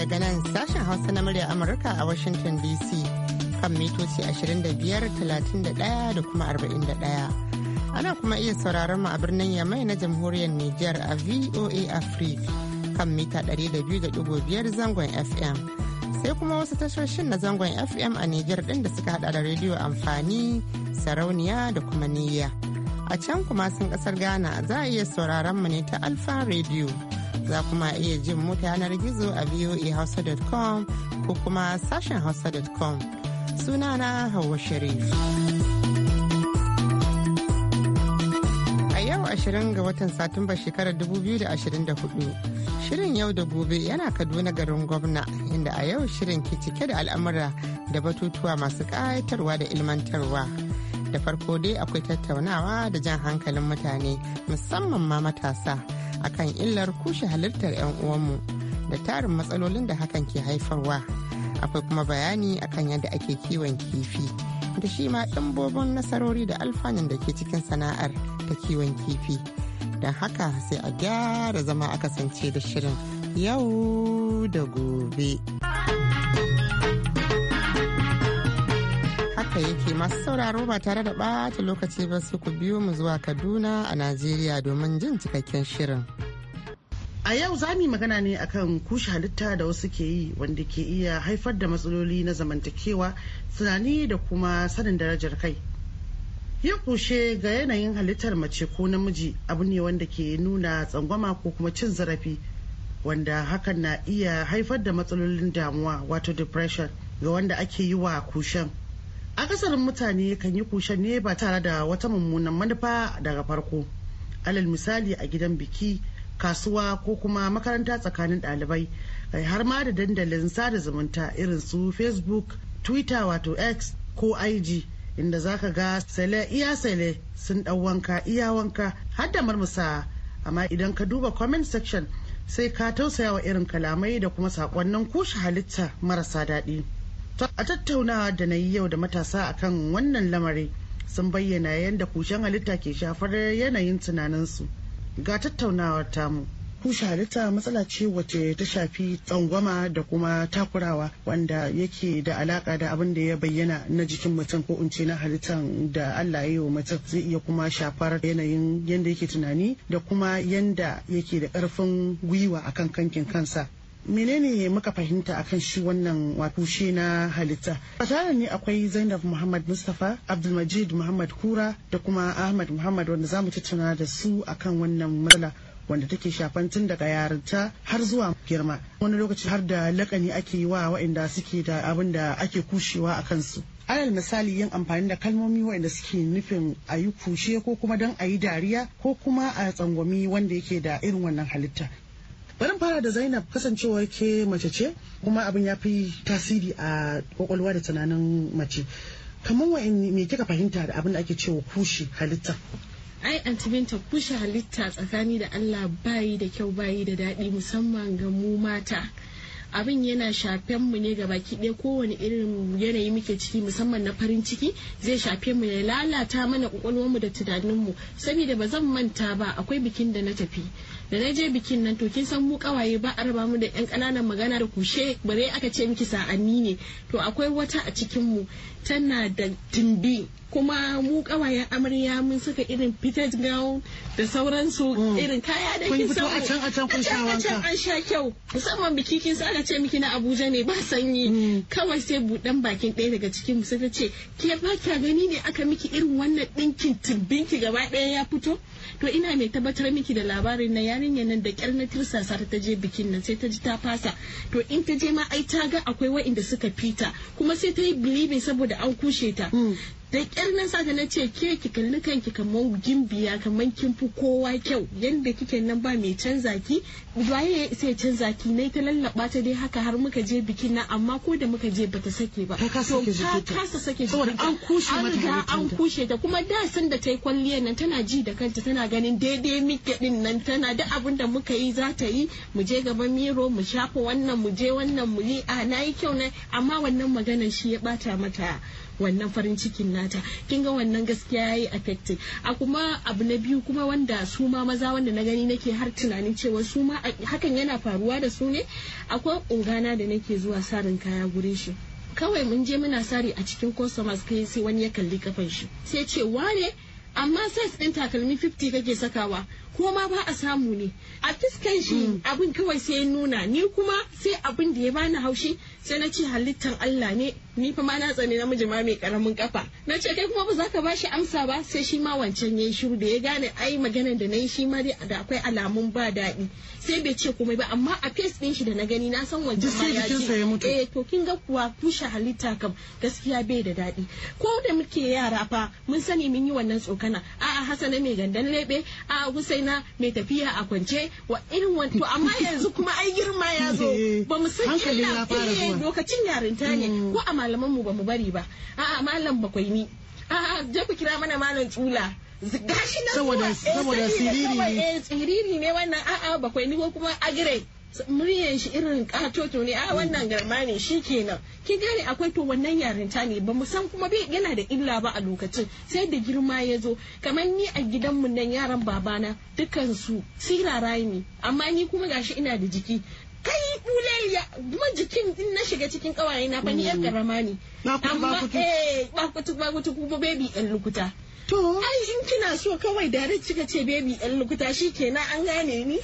daga nan sashen hausa na murya amurka a washington dc kan mitoci 25,31 da kuma 41 ana kuma iya sauraron mu a birnin yamai na jamhuriyar niger a voa africa kan mita 200.5 zangon fm sai kuma wasu tashoshin na zangon fm a niger din da suka hada da rediyo amfani sarauniya da kuma niyya a can kuma sun kasar ghana za a iya sauraron mu ne ta alfa radio za kuma iya jin mu ta yanar gizo a voahausa.com ko kuma sashen hausa.com na hawa sharif a yau 20 ga watan satumba shekarar 2024 shirin yau da gobe yana kaduna garin gwamna inda a yau shirin ke cike da al'amura da batutuwa masu kayatarwa da ilmantarwa da farko dai akwai tattaunawa da jan hankalin mutane musamman ma matasa akan illar kushe halittar 'yan uwanmu da tarin matsalolin da hakan ke haifarwa akwai kuma bayani akan yadda ake kiwon kifi da shi ma ɗimbobin nasarori da alfanun da ke cikin sana'ar ta kiwon kifi don haka sai a gyara zama a kasance da shirin yau da gobe. haka yake masu sauraro ba tare da ɓata lokaci ba su ku biyo mu zuwa Kaduna a Najeriya domin jin cikakken shirin. A yau za mu magana ne akan kushe halitta da wasu ke yi wanda ke iya haifar da matsaloli na zamantakewa tunani da kuma sanin darajar kai. Yin kushe ga yanayin halittar mace ko namiji abu ne wanda ke nuna tsangwama ko kuma cin zarafi wanda hakan na iya haifar da matsalolin damuwa wato depression ga wanda ake yi wa kushen. akasarin mutane kan yi kushen ne ba tare da wata mummunan manufa daga farko alal misali a gidan biki kasuwa ko kuma makaranta tsakanin ɗalibai kai har ma da dandalin sada zumunta irin su facebook twitter wato x ko ig inda za ka ga sele iya sale sun ɗau wanka iya wanka har da marmusa amma idan ka duba comment section sai ka tausaya wa irin kalamai da kuma sakonnin kushe halitta marasa daɗi. a tattauna da na yi yau da matasa akan wannan lamari sun bayyana yadda kushen halitta ke shafar yanayin tunaninsu ga tattaunawar tamu kushe halitta matsala ce wace ta shafi tsangwama da kuma takurawa wanda yake da alaka da abin da ya bayyana na jikin mutum ko in ce na halittan da Allah ya yi wa mutum zai iya kuma shafar yanayin yanda yake tunani da kuma yanda yake da karfin gwiwa akan kankin kansa menene muka fahimta akan shi wannan wato shi na halitta a ne akwai zainab muhammad mustapha abdulmajid muhammad kura da kuma ahmad muhammad wanda za mu tattauna da su akan wannan matsala wanda take shafan tun daga yarinta har zuwa girma wani lokaci har da lakani ake yi wa waɗanda suke da abin da ake kushewa a kansu alal misali yin amfani da kalmomi waɗanda suke nufin a yi kushe ko kuma don a yi dariya ko kuma a tsangwami wanda yake da irin wannan halitta bari fara da zainab kasancewar ke mace ce kuma abin ya fi tasiri a kwakwalwa da tunanin mace kamar wa'in me kika fahimta da abin da ake cewa kushi halitta ai antiminta kushe halitta tsakani da allah bayi da kyau bayi da daɗi musamman ga mu mata abin yana shafen mu ne baki ɗaya kowane irin yanayi muke ciki musamman na farin ciki zai shafe mu ya lalata mana mu da tunanin mu saboda ba zan manta ba akwai bikin da na tafi da na je bikin nan to kin san mu kawaye ba a raba mu da yan kananan magana da kushe bare aka ce miki sa'anni ne to akwai wata a cikin mu tana da dimbi kuma mu kawayen amarya mun saka irin fitted gown da sauransu mm. irin kaya da kin san a can a can kun sha wanka an sha kyau musamman biki kin sa aka ce miki na Abuja ne ba sanyi mm. kawai sai budan bakin ɗaya daga cikin mu sai ta ce ke ba kya gani ne aka miki irin wannan dinkin timbinki gaba ɗaya ya fito to ina mai tabbatar miki da labarin na yarinyar nan da kyar na tirsasa ta je bikin nan sai ta ji ta fasa to in ta je ma ai ta ga akwai wa'inda suka fita kuma sai ta yi bilibin saboda an kushe ta mm. da kirnin sata na ce ke ki kalli kanki kamar gimbiya kamar kin fi kowa kyau yadda kike nan ba mai canza ki waye sai canza ki na ta lallaba ta dai haka har muka je bikin na amma ko da muka je bata sake ba ta kasa sake saboda an kushe mata an kuma da san da ta yi kwalliyar nan tana ji da kanta tana ganin daidai muke din nan tana da abin da muka yi za ta yi mu je gaba miro mu shafa wannan mu je wannan mu yi a ah, na kyau na amma wannan maganar shi ya bata mata wannan farin cikin nata kin ga wannan gaskiya yayi affected a kuma abu na biyu kuma wanda su ma maza wanda na gani nake har tunanin cewa su ma hakan yana faruwa da su ne akwai ungana da nake zuwa sarin kaya gurin shi kawai mun je muna sari a cikin customers kai sai wani ya kalli kafan shi sai ce wane amma size ɗin takalmi 50 kake sakawa ko ma ba a samu ne a fiskan shi mm. abin kawai sai nuna ni kuma sai abin da ya bani haushi sai na ce halittan Allah ne ni fa ma na tsani namiji ma mai karamin kafa na ce kai kuma ba za ka bashi amsa ba sai shi ma wancan yayi shiru da ya gane ai maganar da nayi shi ma dai da akwai alamun ba daɗi sai bai ce komai ba amma a face din shi da na gani na san wancan ma ya ce eh to kin ga kuwa kushe halitta kam gaskiya bai da daɗi ko da muke yara fa mun sani mun yi wannan tsokana a Hassana mai gandan lebe a'a Husaina mai tafiya a kwance wa irin wato amma yanzu kuma ai girma ya zo ba mu san illa lokacin yarinta ne mm. ko a malaman mu bamu bari ba a'a malam bakwai ni a'a je ku kira mana malam tsula gashi na saboda eh, saboda siriri ne eh, siriri ne wannan a'a bakwai ni ko kuma agire muryan shi irin katoto ne a wannan garma ne shi kenan kin gane akwai to wannan yarinta ne bamu san kuma bai yana da illa ba a lokacin sai da girma ya zo kamar ni a gidan mu nan yaran babana dukansu sirara ne amma ni kuma gashi ina da jiki kai ya kuma jikin in na shiga cikin kawaye na fa ni yar karama mm. ne amma eh ba ku ba ku kuma baby ɗan lukuta To. Ai kina so kawai da kika ce baby ɗan lukuta shi kenan an gane ni.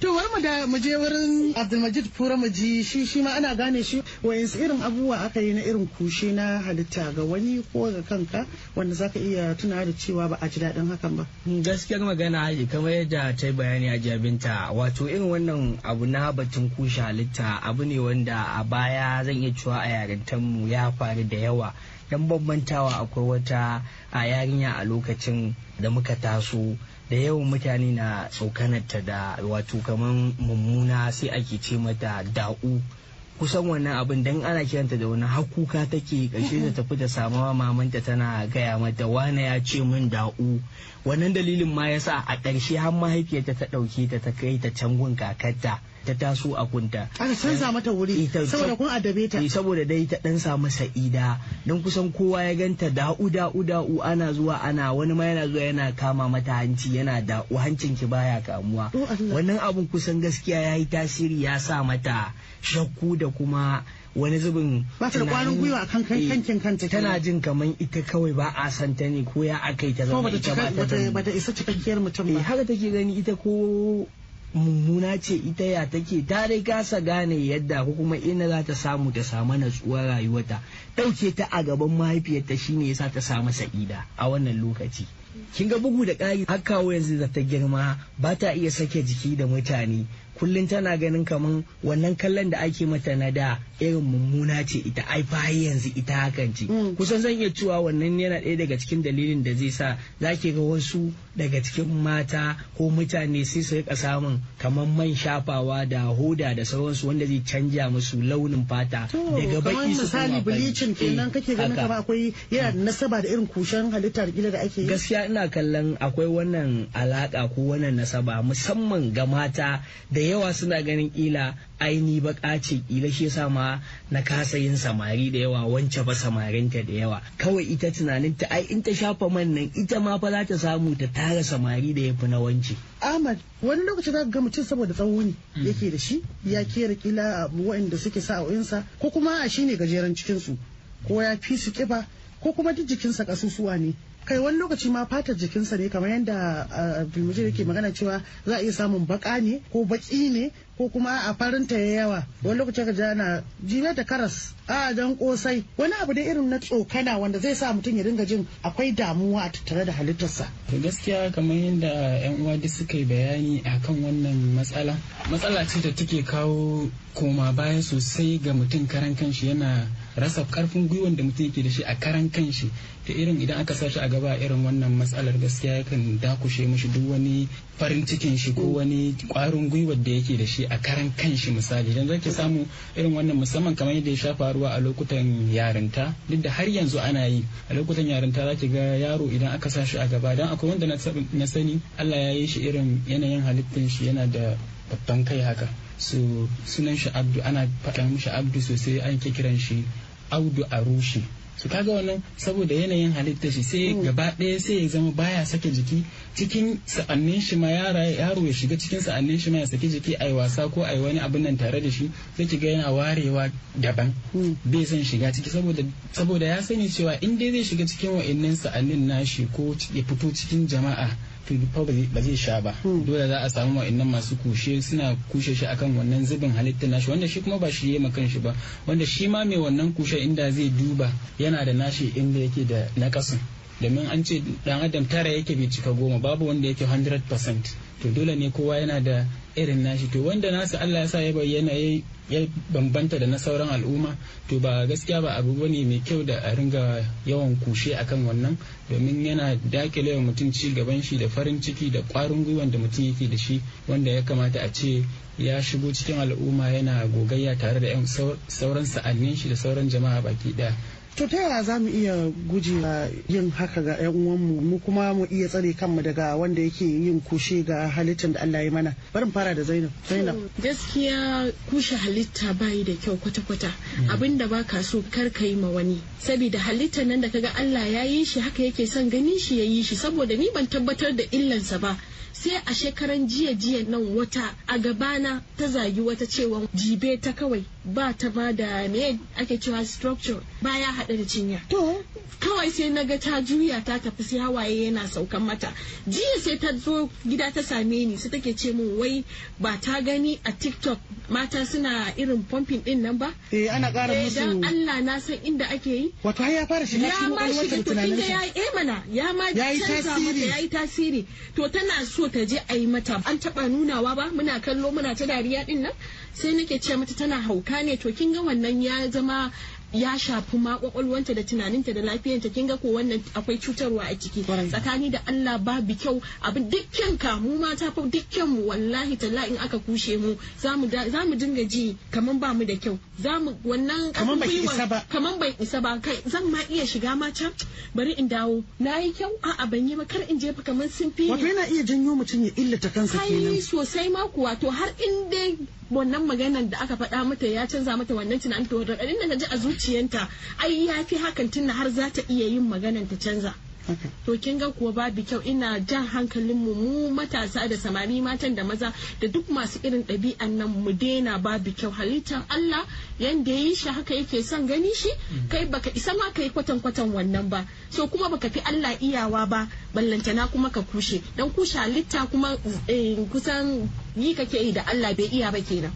to mu da mu wurin Abdulmajid Fura mu ji shi shi ma ana gane shi wayansu irin abubuwa aka yi na irin kushe na halitta ga wani ko ga kanka wanda zaka iya tuna da cewa ba a ji daɗin hakan ba. Gaskiyar magana kamar yadda ta yi bayani a jabinta wato irin wannan abu na batun kushe halitta abu ne wanda a baya zan iya cewa a yarintar mu ya faru da yawa dan bambantawa akwai wata a yarinya a lokacin da muka taso da yawan mutane na tsokanarta da wato kamar mummuna sai ake ce mata da'u kusan wannan abin dan ana kiranta da wani hakuka take kashe da tafi da samawa mamanta tana gaya mata wane ya ce min da'u wannan dalilin ma yasa a ƙarshe har mahaifiyarta ta ɗauke ta ta kai ta can gun kakarta ta taso a kunta aka canza mata wuri saboda kun adabe ta eh, saboda dai ta dan samu sa'ida dan kusan kowa ya ganta da'u da'u da'u ana zuwa ana wani ma yana zuwa yana kama mata hanci yana da'u hancin ki baya kamuwa oh, wannan abun kusan gaskiya yayi tasiri ya sa mata shakku da kuma wani zubin ba ta da gwiwa kan eh, kankin kanta tana jin kaman ita kawai ba a san ta ne ko ya yi ta zama ita ba ta ba ta isa cikakkiyar mutum eh, ba haka take gani ita ko mummuna ce ita ya take ta dai kasa gane yadda ko kuma ina za ta samu ta samu natsuwar rayuwarta ɗauke ta a gaban mahaifiyarta shine yasa ta samu sa'ida a wannan lokaci kinga bugu da ƙari har kawo yanzu da ta girma ba ta iya sake jiki da mutane kullum tana ganin kaman wannan kallon da ake mata na da irin mummuna ce ita ai fa yanzu ita hakan ce mm. kusan zan iya cewa wannan yana ɗaya daga cikin dalilin da zai sa zaki ga wasu daga cikin mata ko mutane sai su rika samun kaman man shafawa da hoda da sauransu wanda zai canja musu launin fata daga baki su misali bleaching kenan eh, kake ganin kamar akwai yana nasaba da irin kushen halittar da da ake yi gaskiya ina kallon akwai wannan alaka ko wannan nasaba musamman ga mata da yawa suna ganin kila aini baka ce kila shi yasa ma na kasa yin samari da yawa wance ba samarinta da yawa kawai ita tunanin ta ai in ta shafa man nan ita ma fa za ta samu ta tara samari da yafi na wance Ahmad wani lokaci za ga mutum saboda tsawo ne hmm. yake da shi ya kera kila waɗanda suke sa sa'o'insa ko kuma a shine gajeren cikinsu ko ya fi su kiba ko kuma duk jikinsa kasusuwa ne kai wani lokaci ma fatar jikinsa ne kamar yadda eh, bilmuje yake magana cewa za a iya samun baƙa ne ko baki ne ko kuma a farin ya yawa wani lokacin ka jana jinar da karas a jan kosai wani abu da irin na tsokana wanda zai sa mutum ya dinga jin akwai damuwa a tattare da halittarsa to gaskiya kamar yadda yan uwa duk suka yi bayani akan wannan matsala matsala ce da take kawo koma baya sosai ga mutum karan kanshi yana rasa karfin gwiwan da mutum yake da shi a karan kanshi da irin idan aka sa shi a gaba irin wannan matsalar gaskiya yakan dakushe mishi duk wani farin cikin shi ko wani kwarin gwiwar da yake da shi a karan kanshi misali idan zaki samu irin wannan musamman kamar yadda ya sha faruwa a lokutan yarinta duk da har yanzu ana yi a lokutan yarinta zaki ga yaro idan aka sa shi a gaba don akwai wanda na sani Allah ya yi shi irin yanayin halittar shi yana da babban kai haka su sunan shi Abdu ana faɗa mishi Abdu sosai an ke kiran shi Audu Arushi su kaga wannan saboda yanayin halitta shi sai mm. gaba ɗaya sai ya zama baya sake jiki cikin sa'annin shi ma yara yaro ya shiga cikin sa'annin shi ma ya saki jiki ai wasa ko ai wani abin nan tare da shi sai ki ga yana warewa daban mm. bai son shiga ciki saboda saboda ya sani cewa in dai zai shiga cikin wa'annan sa'annin nashi ko ya fito cikin jama'a fa ba zai sha ba hmm. dole za a samu wa'annan masu kushe suna kushe shi akan wannan zubin halitta nashi wanda shi kuma ba shi ya makan shi ba wanda shi ma mai wannan kushe inda zai duba yana da nashi inda yake da nakasin domin an ce dan adam tara yake bai cika goma babu wanda yake 100% to dole ne kowa yana da irin nashi to wanda nasu Allah ya sa ya bayyana ya bambanta da na sauran al'umma to ba gaskiya ba abu bane mai kyau da a ringa yawan kushe akan wannan domin yana dakile wa mutum ci gaban shi da farin ciki da kwarin gwiwan da mutum yake da shi wanda ya kamata a ce ya shigo cikin al'umma yana gogayya tare da sauran sa'annin shi da sauran jama'a baki daya to ta yaya za mu iya guje yin haka ga 'yan uwan mu mu kuma mu iya tsare kanmu daga wanda yake yin kushe ga halittar da Allah ya mana barin fara da Zainab Zainab gaskiya kushe halitta bayi da kyau kwata-kwata hmm. da baka so kar ka yi ma wani saboda halittar nan da kaga Allah ya yi shi haka yake son ganin shi ya yi shi saboda ni ban tabbatar da illan sa ba sai a shekaran jiya jiya nan wata a gabana ta zagi wata cewa jibe ta kawai ba ta ba da me ake cewa structure baya Hada da cinya kawai sai na ga ta juya ta tafi sai hawaye yana saukan mata jiya sai ta zo gida ta same ni sai take ce min wai ba ta gani a tiktok mata suna irin pumping din nan ba eh ana ƙara eh, musu dan Allah na san inda ake yi wato har ya fara shi na cikin wannan tunanin ya eh mana ya ma canza mata yi tasiri to tana so ta je a yi mata an taba nunawa ba muna kallo muna ta dariya din nan sai nake ce mata tana hauka ne to kin ga wannan ya zama ya shafi ma kwakwalwanta da tunaninta da lafiyanta kin ga ko wannan akwai cutarwa a ciki tsakani da Allah babu kyau abin dukkan ka mu ta fa dukkan mu wallahi talla in aka kushe mu zamu zamu dinga ji kaman ba mu da kyau zamu wannan kaman bai isa ba kaman bai isa ba kai zan ma iya shiga ma can bari in dawo nayi kyau a'a ban yi ba kar in jefa kaman sun fi wato yana iya janyo mutum ya illata kansa kenan kai sosai ma kuwa to har in dai wannan maganar da aka faɗa mata ya canza mata wannan tunanin to da ɗarin ji a zuciyanta ai ya fi hakan na har za ta iya yin maganar ta canza to kin ga kuwa babu kyau ina jan hankalin mu mu matasa da samari matan da maza da duk masu irin ɗabi'an nan mu daina babu kyau halittar Allah yanda yi shi haka yake son gani shi mm. kai baka isa ma kai kwatan kwatan wannan ba so kuma baka fi Allah iyawa ba ballantana kuma ka kushe don kushe halitta kuma eh, kusan yi kake yi da Allah bai iya ba kenan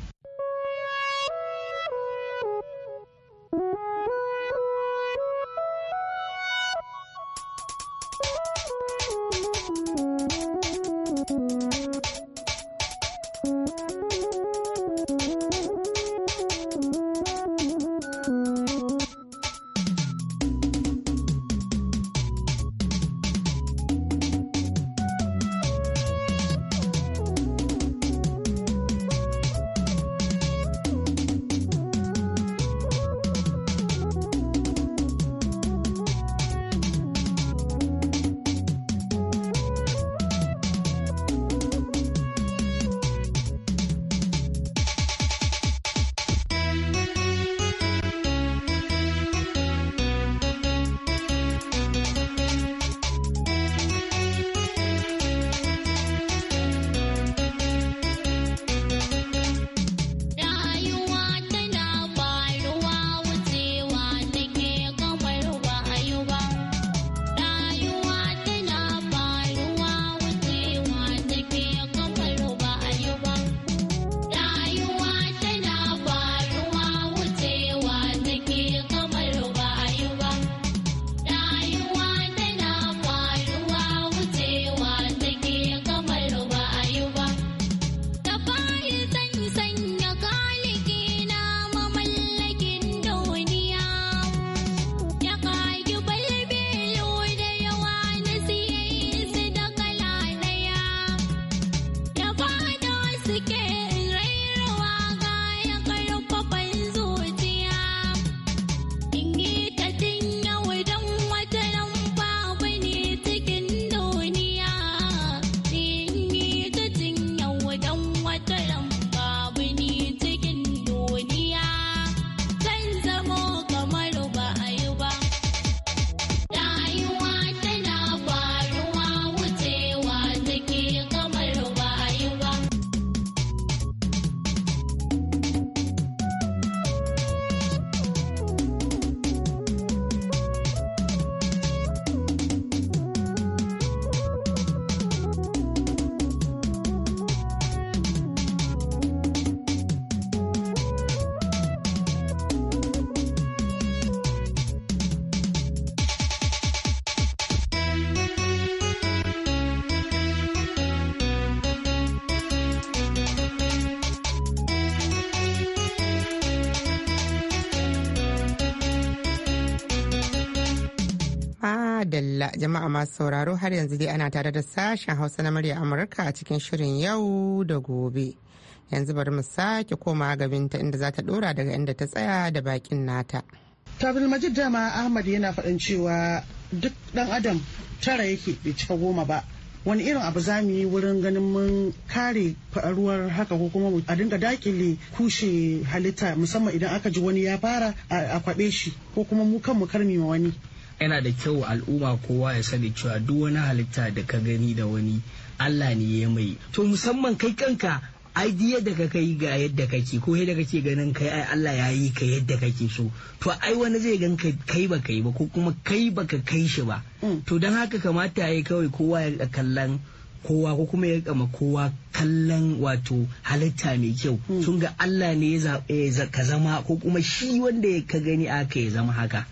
madalla jama'a masu sauraro har yanzu dai ana tare da sashen hausa na murya amurka a cikin shirin yau da gobe yanzu bari mu sake koma gabinta inda za ta dora daga inda ta tsaya da bakin nata tabil majid dama ahmad yana faɗin cewa duk ɗan adam tara yake bai cika goma ba wani irin abu za mu yi wurin ganin mun kare faruwar haka ko kuma a dinga dakile kushe halitta musamman idan aka ji wani ya fara a kwaɓe shi ko kuma mu kanmu karmi wani yana da kyau al'umma kowa ya sani cewa duk wani halitta da ka gani da wani Allah ne ya mai to musamman kai kanka ai da ka kai ga yadda kake ko yadda kake ganin kai ai Allah ya yi ka yadda kake so to ai wani zai gan ka kai ba kai ba ko kuma kai ba ka kai shi ba mm. to don haka kamata yayi kawai kowa ya kallon kowa ko kuma ya kama kowa kallon wato halitta mai kyau mm. sun ga Allah ne ya eh, ka zama ko kuma shi wanda ka gani aka ya zama haka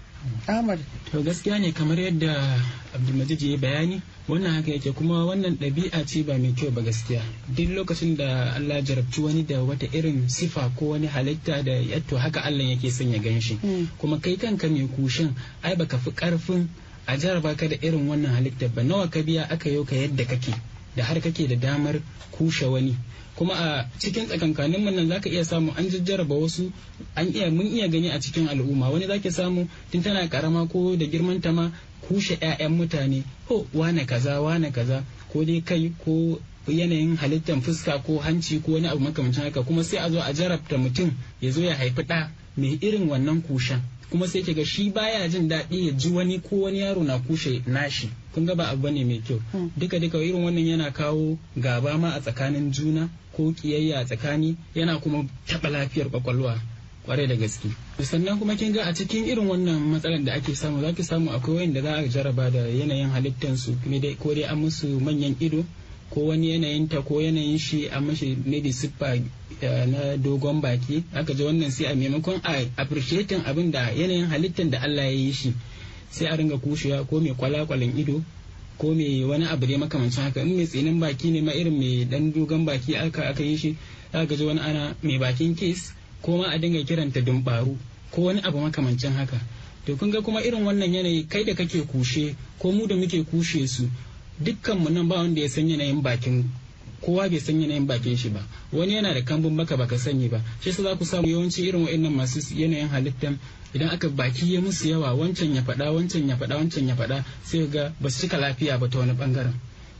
To gaskiya ne kamar yadda Abdulmajid ya yi bayani wannan haka yake kuma wannan ɗabi'a ce ba mai kyau ba gaskiya. Duk lokacin da Allah jarabci wani da wata irin sifa ko wani halitta da yato haka Allah yake son ya gan shi. Hmm. Kuma kai kanka mai kushin ai baka fi ƙarfin a jaraba ka da irin wannan halitta ba nawa ka biya aka yau ka yadda kake da har kake da damar kushe wani. kuma a cikin tsakankanin nan zaka iya samu an jajjaraba wasu an iya mun iya gani a cikin al'umma wani zaki samu tun tana karama ko da girman ta ma kushe 'ya'yan mutane ho wane kaza wane kaza ko dai kai ko yanayin halittar fuska ko hanci ko wani abu makamancin haka kuma sai a zo a jarabta mutum ya zo ya haifi ɗa mai irin wannan kushen kuma sai ke ga shi baya jin daɗi ya ji wani ko wani yaro na kushe nashi kun ga ba abu bane mai kyau hmm. duka duka irin wannan yana kawo gaba ma a tsakanin juna ko kiyayya a tsakani yana kuma taɓa lafiyar kwakwalwa kwarai da gaske sannan kuma kin ga a cikin irin wannan matsalar da ake samu za ki samu akwai wayanda za a jaraba da yanayin halittansu ko dai an musu manyan ido ko wani yanayin ta ko yanayin shi a mashi maybe siffa eh, na dogon baki aka ji wannan sai a maimakon a appreciatin abin da yanayin halittar da Allah ya yi shi sai a ringa kushewa ko mai kwalakwalin ido ko mai wani abu dai makamancin haka in mai tsinin baki ne ma irin mai dan dogon baki aka aka yi shi aka ji wani ana mai bakin kes ko ma a dinga kiranta dumbaru ko wani abu makamancin haka to kun ga kuma irin wannan yanayi kai da kake kushe ko mu da muke kushe su dukkan mu nan ba wanda ya san yanayin bakin kowa bai san yanayin bakin shi ba wani yana da kambun baka baka sanyi ba shi yasa za ku samu yawanci irin wa'annan masu yanayin halittan idan aka baki ya musu yawa wancan ya faɗa wancan ya faɗa wancan ya faɗa sai ga ba su cika lafiya ba ta wani bangaren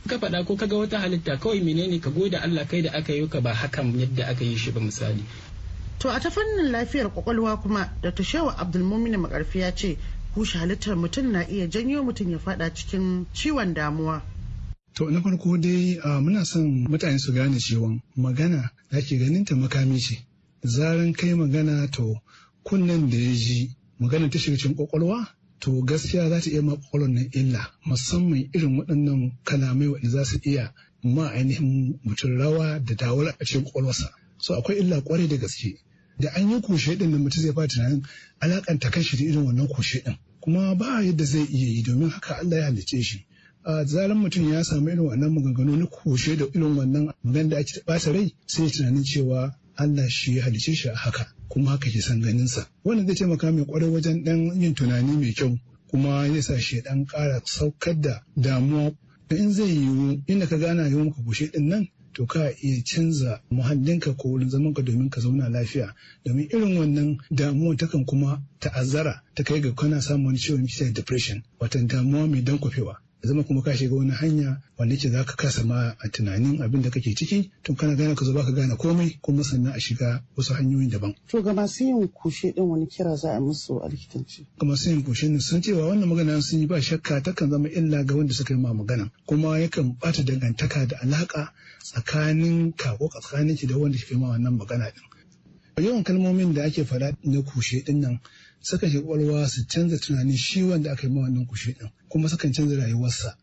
ka faɗa ko ga wata halitta kawai menene ka gode Allah kai da aka yi ka ba hakan yadda aka yi shi ba misali to a ta fannin lafiyar kwakwalwa kuma da shewa abdulmumin makarfi ya ce kushe halittar mutum na iya janyo mutum ya faɗa cikin ciwon damuwa To na farko dai muna son mutane su gane cewa magana da ke ganin ta makami ce. Zaran kai magana to kunnen da ya ji magana ta shiga cikin kwakwalwa to gaskiya za ta iya ma kwakwalwar nan illa musamman irin waɗannan kalamai waɗanda za su iya ma ainihin mutum rawa da dawar a cikin kwakwalwarsa. So akwai illa kwarai da gaske. Da an yi kushe ɗin da mutum zai fara tunanin alaƙanta kan shi da irin wannan kushe ɗin. Kuma ba yadda zai iya yi domin haka Allah ya halicce shi. a zaran mutum ya samu irin wannan maganganu na kushe da irin wannan abin da ake bata rai sai tunanin cewa Allah shi ya halice shi a haka kuma haka ke san ganinsa wannan zai taimaka mai kwarai wajen dan yin tunani mai kyau kuma ya sa shi dan kara saukar da damuwa in zai yiwu inda ka gana yi maka kushe din nan to ka iya canza muhallinka ko wurin zamanka domin ka zauna lafiya domin irin wannan damuwa takan kuma ta'azzara ta kai ga kana samun wani ciwon cikin depression watan damuwa mai dankwafewa ya zama kuma ka shiga wani hanya wanda yake zaka kasa ma a tunanin abin da kake ciki tun kana gane ka zo baka gane komai kuma sannan a shiga wasu hanyoyin daban to ga masu yin kushe din wani kira za a musu a likitanci ga masu yin kushe ne sun cewa wannan magana sun yi ba shakka takan zama illa ga wanda suka yi ma magana kuma yakan bata dangantaka da alaka tsakanin ka ko tsakanin ki da wanda suka yi ma wannan magana din yawan kalmomin da ake faɗa na kushe din nan saka shi kwalwa su canza tunanin shi wanda aka yi ma wannan kushe din kuma sukan canza rayuwarsa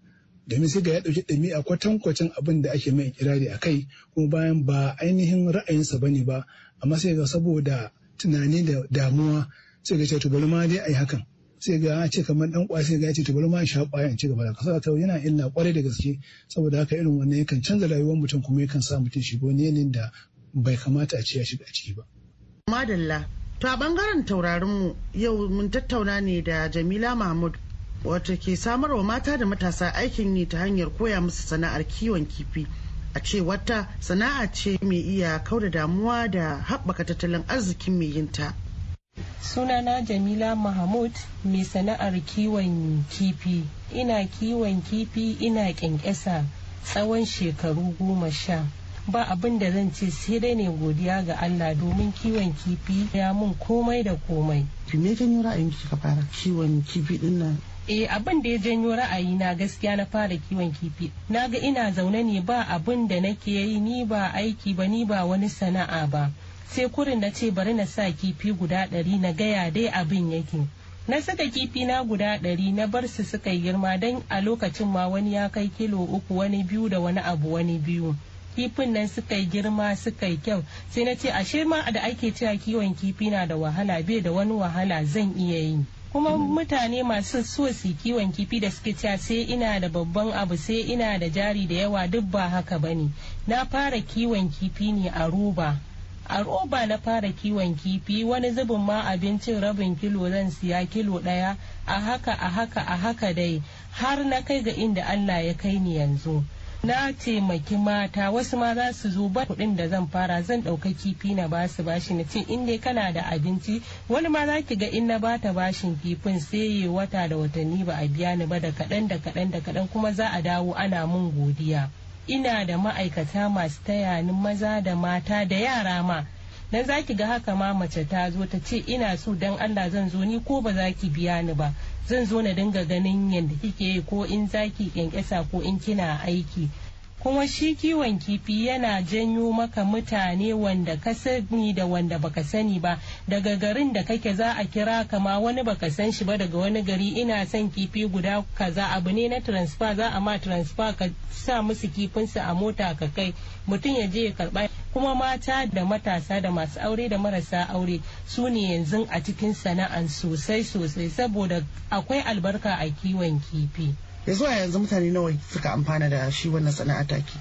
domin sai ga ya ɗauki ɗumi a kwatankwacin abin da ake mai kirari a kai kuma bayan ba ainihin ra'ayinsa ba ne ba amma sai ga saboda tunani da damuwa sai ga to bari ma dai a yi hakan sai ga a ce kamar ɗan kwasi ga ce to bari ma a sha kwayan ci gaba da kasa ta yana illa kwarai da gaske saboda haka irin wannan yakan canza rayuwar mutum kuma yakan sa mutum shigo ne yanayin da bai kamata a ce ya shiga ciki ba. Madalla, to a bangaren taurarin yau mun tattauna ne da Jamila Mahmud wato ke samarwa mata da matasa aikin yi ta hanyar koya musu sana'ar kiwon kifi a ce wata sana'a ce mai iya kauda damuwa da haɓaka tattalin arzikin mai yinta sunana jamila mahmud mai sana'ar kiwon kifi ina kiwon kifi ina ƙyanƙyasa tsawon shekaru goma sha ba abin da zan ce sai dai ne godiya ga Allah domin kiwon kifi ya mun komai da komai. Me janyo ra'ayin ki fara kiwon kifi din nan? Eh abin da ya janyo ra'ayi na gaskiya na fara kiwon kifi. Na ga ina zaune ne ba abin da nake yi ni ba aiki ba ni ba wani sana'a ba. Sai kurin na ce bari na sa kifi guda ɗari na gaya dai abin yake. na saka kifi na guda ɗari na bar su suka yi girma don a lokacin ma wani ya kai kilo uku wani biyu da wani abu wani biyu kifin nan suka yi girma suka yi kyau sai na ce ashe ma da ake cewa kiwon kifi na da wahala bai da wani wahala zan iya yi kuma mutane masu so su kiwon kifi da suke cewa sai ina da babban abu sai ina da jari da yawa duk ba haka bane na fara kiwon kifi ne a roba a roba na fara kiwon kifi wani zubin ma abincin rabin kilo zan siya kilo ɗaya a haka a haka a haka dai har na kai ga inda Allah ya kai ni yanzu na taimaki mata wasu ma za su zo ba kuɗin da zan fara zan ɗauka kifi na ba su bashi na ce in dai kana da abinci wani ma za ki ga in na ba ta bashin kifin sai ya wata da watanni ba a biya ni ba da kaɗan da kaɗan da kaɗan kuma za a dawo ana mun godiya ina da ma'aikata masu tayanin maza da mata da yara ma dan zaki ga haka ma mace ta zo ta ce ina so dan Allah zan zo ni ko ba za ki biya ni ba zan zo na dinga ganin yadda kike ko in zaki kyankyasa ko in kina aiki kuma shi kiwon kifi yana janyo maka mutane wanda ka sani da wanda baka sani ba daga garin da kake za a kira kama wani baka san shi ba daga wani gari ina son kifi guda kaza abu ne na transfer za a ma transfer ka sa musu kifinsu a mota ka kai mutum ya je ya karba kuma mata da matasa da masu aure da marasa aure su ne yanzu a cikin sana'an sosai sosai saboda akwai albarka a kiwon kifi. ya zuwa yanzu mutane nawa suka amfana da shi wannan sana'a taki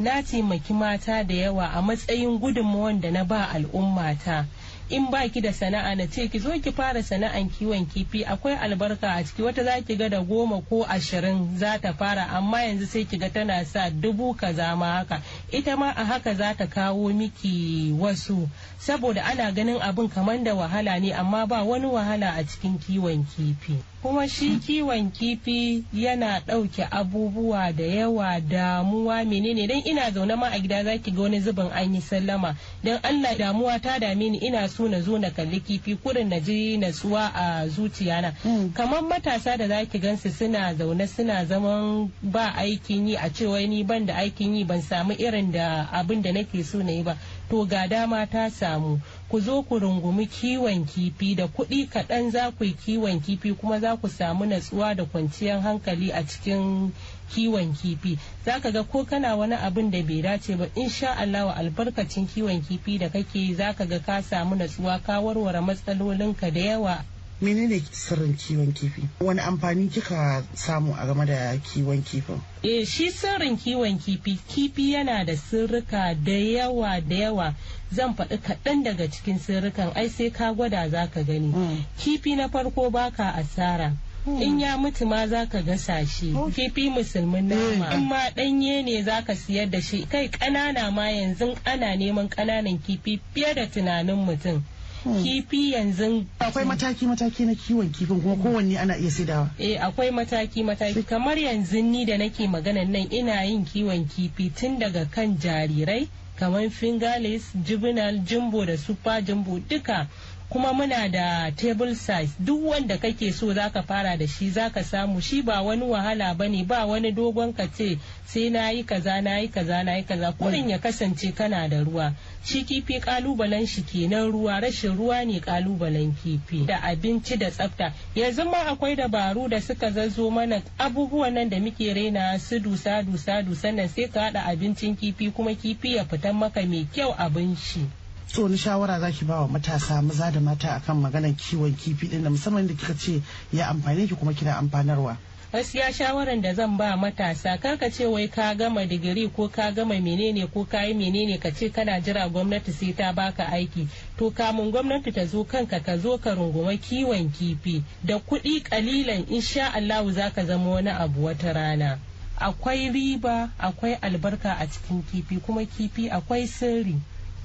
na taimaki mata da yawa a matsayin gudunmawan da na ba al'ummata in ba ki da sana'a na ce ki zo ki fara sana'an kiwon kifi akwai albarka a ciki wata za ki ga da goma ko ashirin za ta fara amma yanzu sai ki ga tana sa dubu ka zama haka ita ma a haka za ta kawo miki wasu saboda ana ganin abin kamar da wahala ne amma ba wani wahala a cikin kiwon kifi kuma shi kiwon kifi yana ɗauke abubuwa da yawa damuwa menene don ina zaune ma a gida za ki ga wani zubin an yi sallama don allah damuwa ta dame ni ina so na zo na kalli kifi kurin na ji natsuwa a zuciya na hmm. kamar matasa da za ki gansu suna zaune suna zaman ba aikin yi a cewa ni ban da aikin yi ban samu irin da abin da nake so na yi ba to ga dama ta samu ku zo ku rungumi kiwon kifi da kuɗi kaɗan za ku yi kiwon kifi kuma za ku samu natsuwa da kwanciyar hankali a cikin kiwon kifi za ka ga ko kana wani abin da bai dace ba insha Allah wa albarkacin kiwon kifi da kake ka ga ka samu natsuwa ka warware matsalolinka da yawa menene sirrin kiwon kifi wani amfani kika samu a game da kiwon kifin e shi sirrin kiwon kifi kifi yana da sirrika da yawa da yawa zan faɗi kaɗan daga cikin sirrikan ai sai ka gwada za ka gani mm. kifi na farko baka asara in ya mutu ma za ka gasa shi hmm. kifi musulmin nama hmm. in ma ɗanye ne za ka siyar da shi kai ƙanana ma yanzu ana neman ƙananan kifi fiye da tunanin mutum hmm. kifi yanzu akwai mataki mataki na kiwon kifin kuma kowanne ana iya saidawa eh akwai mataki mataki kamar yanzu ni da nake maganan nan ina yin kiwon kifi tun daga kan jarirai kamar fingerless juvenile jumbo da super jumbo duka kuma muna da table size duk wanda kake so zaka fara da shi zaka samu shi ba wani wahala bane ba wani dogon ka ce sai na yi kaza na yi kaza na yi kaza kurin ya kasance kana da ruwa shi kifi kalubalen shi kenan ruwa rashin ruwa ne kalubalen kifi da abinci da tsafta yanzu ma akwai dabaru da suka zazzo mana abubuwan nan da muke raina su dusa dusa dusa nan sai ka hada abincin kifi kuma kifi ya fitan maka mai kyau abin shi so wani shawara zaki ba wa matasa maza da mata akan maganar kiwon kifi din da musamman da kika ce ya amfane ki kuma kina amfanarwa gaskiya shawaran da zan ba matasa ka ce wai ka gama digiri ko ka gama menene ko ka yi menene ka ce kana jira gwamnati sai ta baka aiki to kamun gwamnati ta zo kanka ka zo ka runguma kiwon kifi da kuɗi kalilan insha za ka zama wani abu wata rana akwai riba akwai albarka a cikin kifi kuma kifi akwai sirri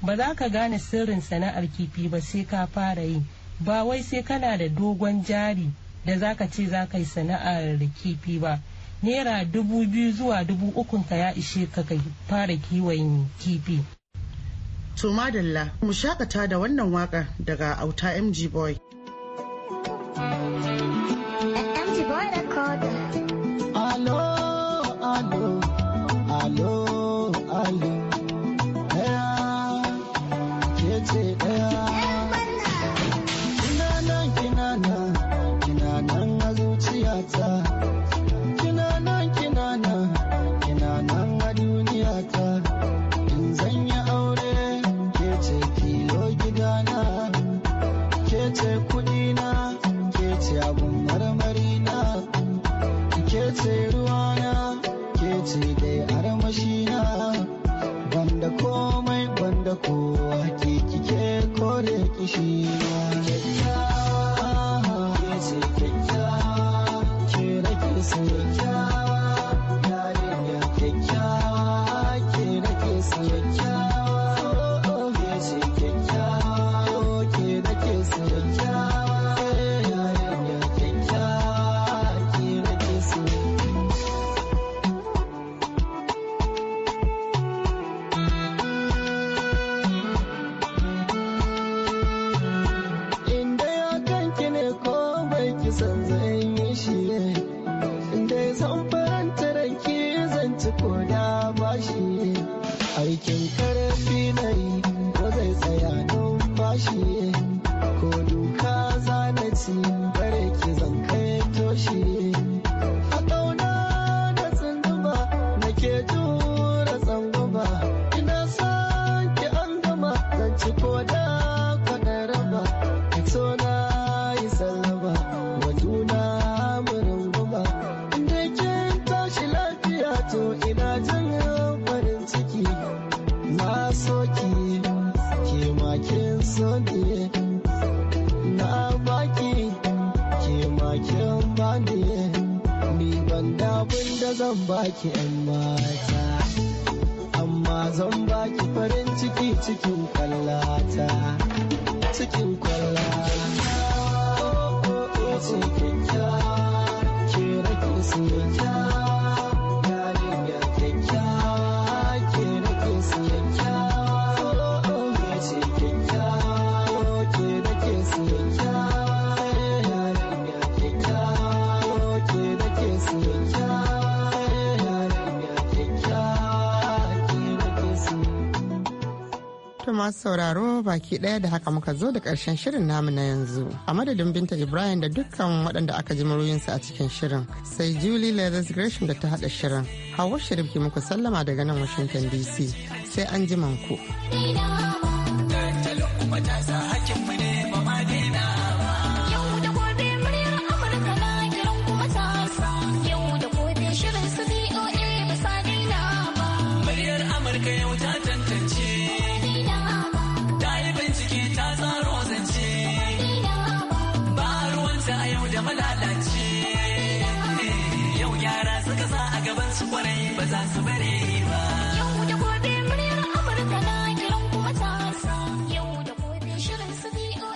ba za ka gane sirrin sana'ar kifi ba sai ka fara yi ba wai sai kana da dogon jari da za ka ce za ka yi sana'ar kifi ba naira dubu biyu zuwa dubu ukun ka ya ishe ka ka fara kiwon kifi to madalla mu shakata da wannan waka daga auta mg boy da kowa ke kike kore kishi kyakkyawa ke ce kyakkyawa ke rage sai kyakkyawa masu sauraro baki ɗaya da haka muka zo da ƙarshen shirin namu na yanzu. A madadin Binta Ibrahim da dukkan waɗanda aka ji maruyinsa a cikin shirin. Sai Julie Leathers Gresham da ta haɗa shirin. Hawa Sharif ki muku sallama daga nan Washington DC. Sai an ji manku. ku.